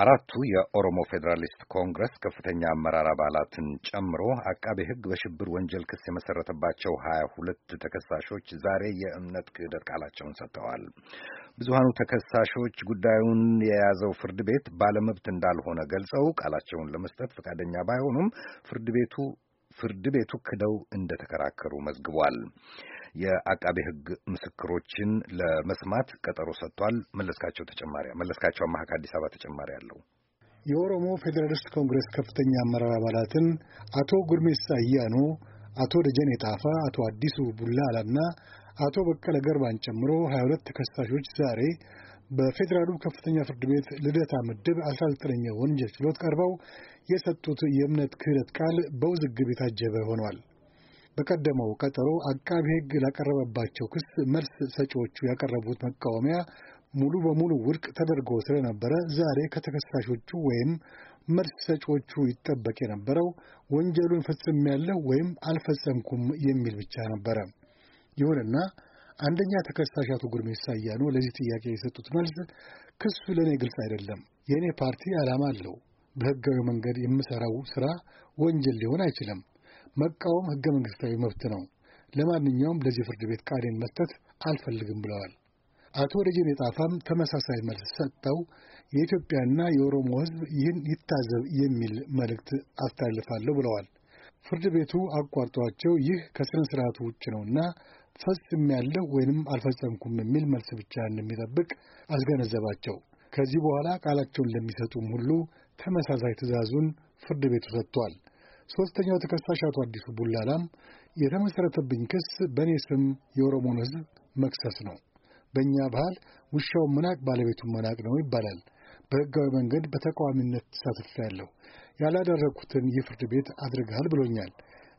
አራቱ የኦሮሞ ፌዴራሊስት ኮንግረስ ከፍተኛ አመራር አባላትን ጨምሮ አቃቤ ሕግ በሽብር ወንጀል ክስ የመሰረተባቸው ሀያ ሁለት ተከሳሾች ዛሬ የእምነት ክህደት ቃላቸውን ሰጥተዋል። ብዙሃኑ ተከሳሾች ጉዳዩን የያዘው ፍርድ ቤት ባለመብት እንዳልሆነ ገልጸው ቃላቸውን ለመስጠት ፈቃደኛ ባይሆኑም ፍርድ ቤቱ ፍርድ ቤቱ ክደው እንደተከራከሩ መዝግቧል። የአቃቤ ሕግ ምስክሮችን ለመስማት ቀጠሮ ሰጥቷል። መለስካቸው ተጨማሪ መለስካቸው አማህ ከአዲስ አበባ ተጨማሪ አለው። የኦሮሞ ፌዴራሊስት ኮንግረስ ከፍተኛ አመራር አባላትን አቶ ጉርሜሳ አያኖ፣ አቶ ደጀኔ ጣፋ፣ አቶ አዲሱ ቡላላና አቶ በቀለ ገርባን ጨምሮ 22 ተከሳሾች ዛሬ በፌዴራሉ ከፍተኛ ፍርድ ቤት ልደታ ምድብ 19ኛ ወንጀል ችሎት ቀርበው የሰጡት የእምነት ክህደት ቃል በውዝግብ የታጀበ ሆኗል። በቀደመው ቀጠሮ አቃቢ ሕግ ላቀረበባቸው ክስ መልስ ሰጪዎቹ ያቀረቡት መቃወሚያ ሙሉ በሙሉ ውድቅ ተደርጎ ስለነበረ ዛሬ ከተከሳሾቹ ወይም መልስ ሰጪዎቹ ይጠበቅ የነበረው ወንጀሉን ፈጽሜያለሁ ወይም አልፈጸምኩም የሚል ብቻ ነበረ። ይሁንና አንደኛ ተከሳሽ አቶ ጉርሜሳ አያኖ ለዚህ ጥያቄ የሰጡት መልስ ክሱ ለእኔ ግልጽ አይደለም፣ የእኔ ፓርቲ ዓላማ አለው፣ በህጋዊ መንገድ የምሰራው ስራ ወንጀል ሊሆን አይችልም፣ መቃወም ህገ መንግስታዊ መብት ነው፣ ለማንኛውም ለዚህ ፍርድ ቤት ቃሌን መስጠት አልፈልግም ብለዋል። አቶ ደጀኔ ጣፋም ተመሳሳይ መልስ ሰጥተው የኢትዮጵያና የኦሮሞ ህዝብ ይህን ይታዘብ የሚል መልእክት አስተላልፋለሁ ብለዋል። ፍርድ ቤቱ አቋርጧቸው ይህ ከሥነ ሥርዓቱ ውጭ ነውና ያለ ወይንም አልፈጸምኩም የሚል መልስ ብቻ እንደሚጠብቅ አስገነዘባቸው። ከዚህ በኋላ ቃላቸውን ለሚሰጡም ሁሉ ተመሳሳይ ትዕዛዙን ፍርድ ቤቱ ሰጥቷል። ሦስተኛው ተከሳሽ አቶ አዲሱ ቡላላም የተመሠረተብኝ ክስ በእኔ ስም የኦሮሞን ሕዝብ መክሰስ ነው። በእኛ ባህል ውሻውን መናቅ ባለቤቱን መናቅ ነው ይባላል። በሕጋዊ መንገድ በተቃዋሚነት ተሳትፌያለሁ፣ ያላደረግኩትን ይህ ፍርድ ቤት አድርገሃል ብሎኛል።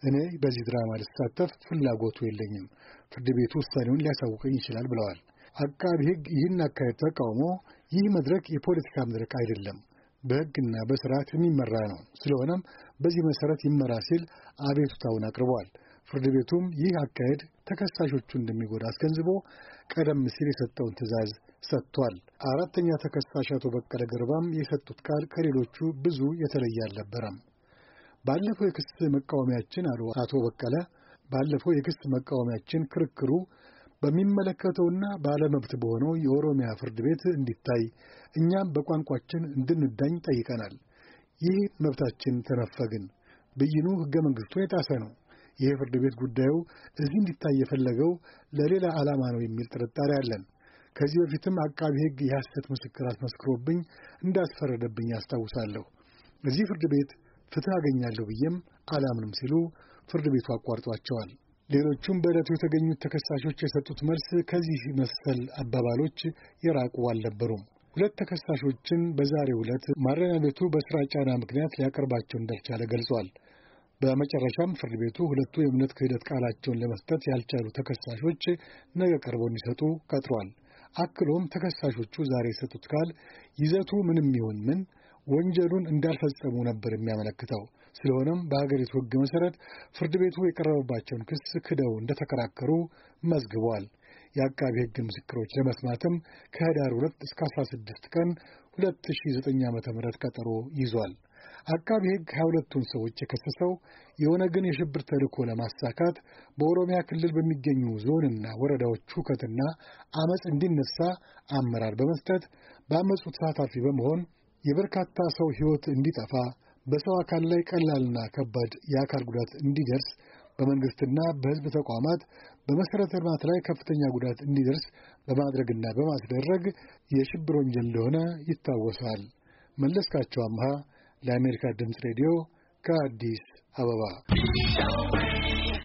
እኔ በዚህ ድራማ ልሳተፍ ፍላጎቱ የለኝም፣ ፍርድ ቤቱ ውሳኔውን ሊያሳውቀኝ ይችላል ብለዋል። አቃቢ ሕግ ይህን አካሄድ ተቃውሞ ይህ መድረክ የፖለቲካ መድረክ አይደለም፣ በሕግና በስርዓት የሚመራ ነው፣ ስለሆነም በዚህ መሰረት ይመራ ሲል አቤቱታውን አቅርቧል። ፍርድ ቤቱም ይህ አካሄድ ተከሳሾቹ እንደሚጎዳ አስገንዝቦ ቀደም ሲል የሰጠውን ትዕዛዝ ሰጥቷል። አራተኛ ተከሳሽ አቶ በቀለ ገርባም የሰጡት ቃል ከሌሎቹ ብዙ የተለየ አልነበረም። ባለፈው የክስ መቃወሚያችን አሉ አቶ በቀለ ባለፈው የክስ መቃወሚያችን ክርክሩ በሚመለከተውና ባለመብት በሆነው የኦሮሚያ ፍርድ ቤት እንዲታይ እኛም በቋንቋችን እንድንዳኝ ጠይቀናል። ይህ መብታችን ተነፈግን። ብይኑ ሕገ መንግሥቱን የጣሰ ነው። ይህ ፍርድ ቤት ጉዳዩ እዚህ እንዲታይ የፈለገው ለሌላ ዓላማ ነው የሚል ጥርጣሬ አለን። ከዚህ በፊትም አቃቢ ሕግ የሐሰት ምስክር አስመስክሮብኝ እንዳስፈረደብኝ አስታውሳለሁ። እዚህ ፍርድ ቤት ፍትህ አገኛለሁ ብዬም አላምንም ሲሉ ፍርድ ቤቱ አቋርጧቸዋል። ሌሎቹም በዕለቱ የተገኙት ተከሳሾች የሰጡት መልስ ከዚህ መሰል አባባሎች የራቁ አልነበሩም። ሁለት ተከሳሾችን በዛሬው ዕለት ማረሚያ ቤቱ በሥራ ጫና ምክንያት ሊያቀርባቸው እንዳልቻለ ገልጿል። በመጨረሻም ፍርድ ቤቱ ሁለቱ የእምነት ክህደት ቃላቸውን ለመስጠት ያልቻሉ ተከሳሾች ነገ ቀርበው እንዲሰጡ ቀጥሯል። አክሎም ተከሳሾቹ ዛሬ የሰጡት ቃል ይዘቱ ምንም ይሁን ምን ወንጀሉን እንዳልፈጸሙ ነበር የሚያመለክተው። ስለሆነም በሀገሪቱ ሕግ መሠረት ፍርድ ቤቱ የቀረበባቸውን ክስ ክደው እንደተከራከሩ መዝግቧል። የአቃቢ ሕግ ምስክሮች ለመስማትም ከህዳር 2 እስከ 16 ቀን 2009 ዓ ም ቀጠሮ ይዟል። አቃቢ ሕግ 22ቱን ሰዎች የከሰሰው የኦነግን የሽብር ተልእኮ ለማሳካት በኦሮሚያ ክልል በሚገኙ ዞንና ወረዳዎች ሁከትና አመፅ እንዲነሳ አመራር በመስጠት በአመፁ ተሳታፊ በመሆን የበርካታ ሰው ሕይወት እንዲጠፋ በሰው አካል ላይ ቀላልና ከባድ የአካል ጉዳት እንዲደርስ በመንግሥትና በሕዝብ ተቋማት በመሠረተ ልማት ላይ ከፍተኛ ጉዳት እንዲደርስ በማድረግና በማስደረግ የሽብር ወንጀል እንደሆነ ይታወሳል። መለስካቸው አምሃ ለአሜሪካ ድምፅ ሬዲዮ ከአዲስ አበባ